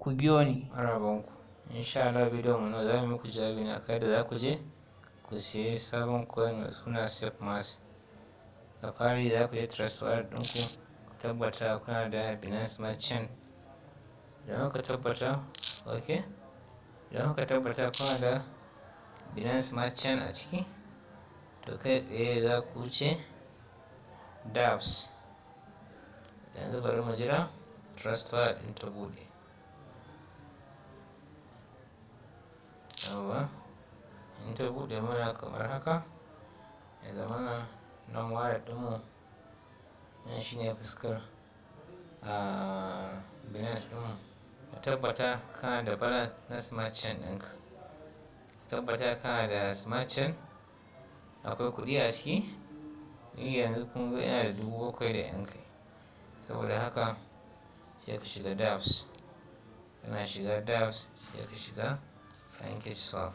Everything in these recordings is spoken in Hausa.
ku biyo ni rabonku insha Allah bidon mu za mu ku jabi na kai da za ku je ku sai sabon coin mai suna sep mas da fari za ku je transfer din ku tabbata kuna da binance merchant idan ka tabbata okay da ka tabbata kuna da binance merchant a ciki to kai tsaye za ku wuce dapps yanzu bari mu jira transfer din ta buɗe yauwa in ta bude mana kamar haka ya zamana nan ware dinmu nan shine fuskar a binance dinmu ka tabbata kana da bala na smart chain ɗinka tabbata kana da smart chain akwai kuɗi a ciki ni yanzu kun ga yana da dubu bakwai da yanka saboda haka sai ka shiga dabs kana shiga dabs sai ka shiga Funky Swap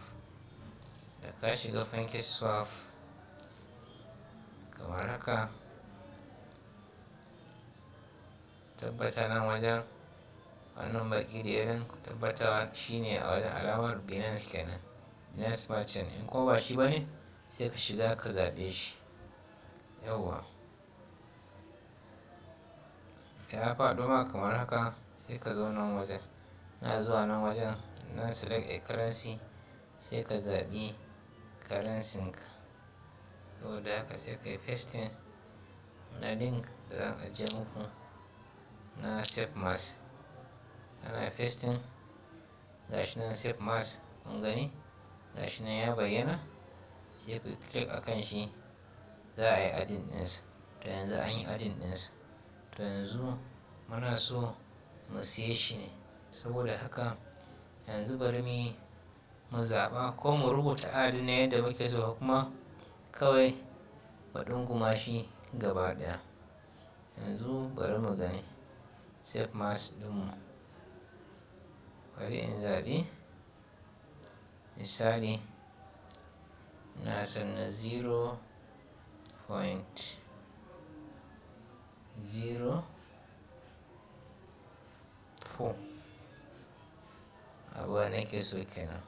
da ka shiga Funky Swap kamar haka tabbata nan wajen wannan baki da yarin tabbata shine a wajen alamar Binance kenan Binance Merchant in ko ba shi bane sai ka shiga ka zaɓe shi yawwa ya faɗo ma kamar haka sai ka zo nan wajen na zuwa nan wajen na select a currency sai ka zaɓi currencyin ka saboda haka sai ka yi pasting na link da ka je muku na save mass ana pasting shi nan save mass kun gani shi nan ya bayyana sai ku click kan shi za a yi adin ɗinsa to yanzu an yi adin ɗinsa to yanzu muna so mu siye shi ne saboda haka yanzu bari mu mu zaɓa ko mu rubuta adadin da yadda muke so kuma kawai mu ɗunguma shi gaba ɗaya yanzu bari mu gani save mass ɗinmu bari in zaɓi misali na san na 0.0 4 abuwa ke so kenan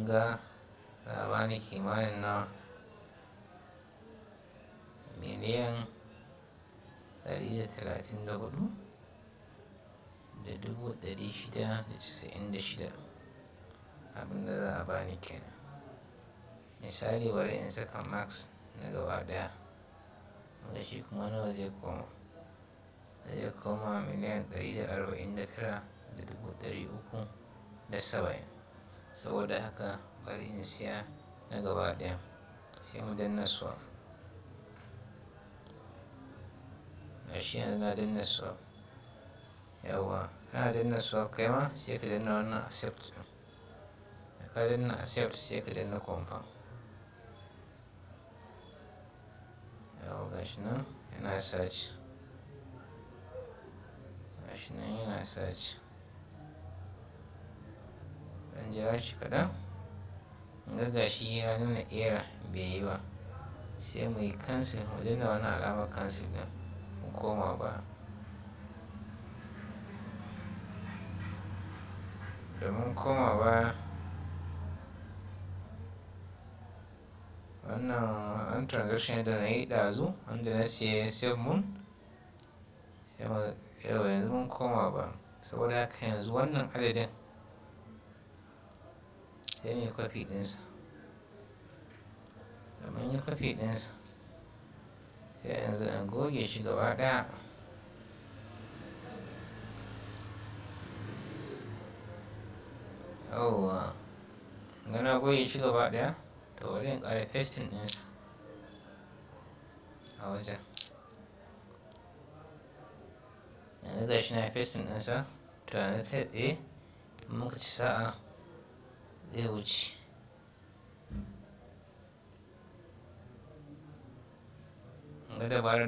Nga za a bani kimanin na miliyan 134,696 da dubu ɗari shida da casa'in da shida abinda za a bani kenan misali bari in saka max na gaba daya wanda shi kuma nawa zai koma zai koma miliyan 149,370 saboda haka bari in siya na gaba ɗaya sai mu danna swap shi yanzu na danna swap yawwa kana danna swap kai ma sai ka danna wannan accept da ka danna accept sai ka danna confirm yawwa gashi nan yana search gashi nan yana sace ɗan jira shi kaɗan ga gashi ya nuna era bai yi ba sai mu yi cancel mu daina wani alamar cancel ɗin mu koma ba domin koma ba wannan an transaction da na yi ɗazu wanda na siya save mun sai yau yanzu mun koma ba saboda haka yanzu wannan adadin sai mu kwafi ɗinsa da mun yi kwafi ɗinsa sai yanzu an goge shi gaba ɗaya yawwa gana goge shi gaba ɗaya to wurin ƙarfe festin ɗinsa a wajen yanzu ga shi na fesin ɗinsa to yanzu kai tsaye muka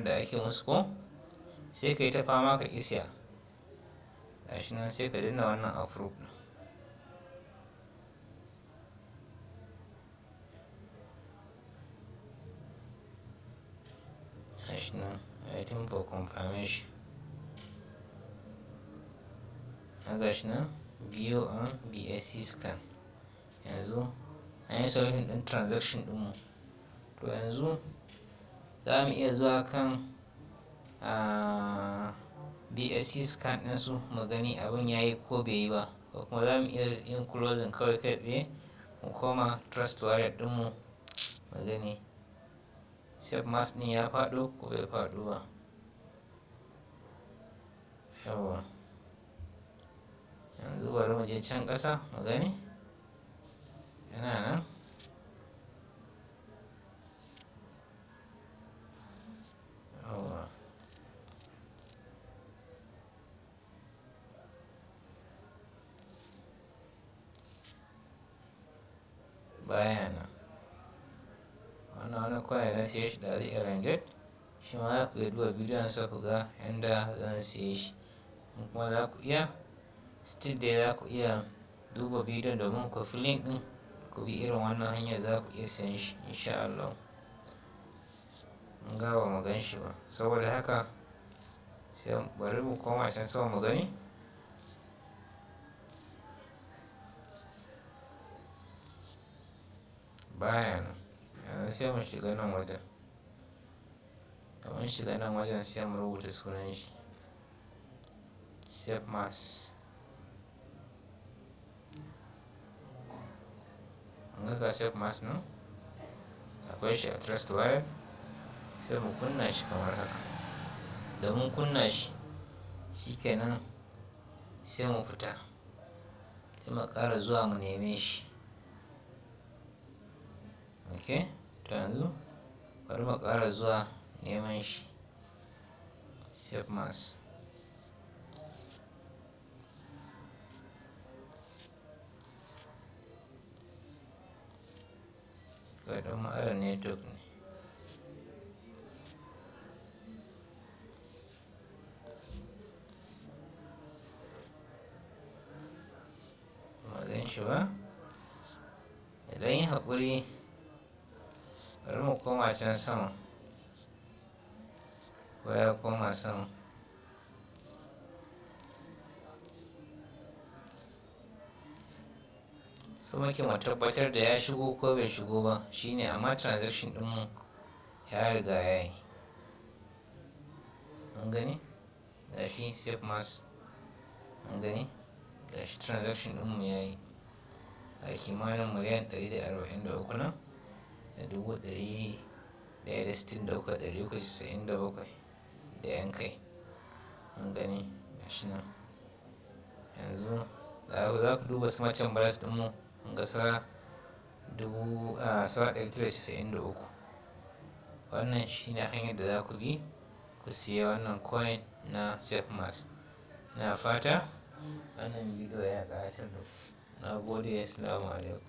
da ake musu sai ka ta fama ka isiya nan sai ka dina wannan approve ɗin nan confirmation ga shi nan view on BSC scan yanzu an yi sauyin ɗin transaction ɗinmu to yanzu za mu iya zuwa kan ah, BSC scan ɗinsu mu gani abin ya yi ko bai yi ba ko kuma za mu iya yin closing kawai kai tsaye mu koma trust wallet ɗinmu mu gani safe mask ɗin ya faɗo ko bai faɗo ba yawwa yanzu bari mu je can ƙasa mu gani yana nan baya nan wannan wani kwaya na siye shi da zai irin shi ma za ku iya duba bidiyon sa ku ga yadda zan siye shi kuma za ku iya still dai za ku iya duba bidiyon domin ku fi link ɗin ku bi irin wannan hanyar za ku iya siyan shi insha Allah ga ba mu gan shi ba saboda haka sai bari mu koma can sama mu gani baya nan yanzu sai mu shiga nan wajen mun shiga nan wajen sai mu rubuta sunan shi save mass ga ga save mass nan akwai shi a trust wire sai mu kunna shi kamar haka da mun kunna shi shikenan sai mu fita sai mu ƙara zuwa mu neme shi ok ta yanzu bari mu ƙara zuwa neman shi save mass akwai don mara duk ne magan shi ba idan yi haƙuri bari mu koma can sama ko ya koma sama su muke mu tabbatar da ya shigo ko bai shigo ba shine amma transaction din mu ya riga ya yi an gani gashi safe mass an gani gashi transaction din mu ya yi a kimanin miliyan 143 nan da dubu ɗari da da uku uku da bakwai da yan kai an gani gashi nan yanzu za ku duba su macen baras ɗinmu ga sa 1993 wannan shi ne hanyar da za ku bi ku siya wannan coin na safemas na fata wannan bidiyo ya ƙayatar da na gode assalamu alaikum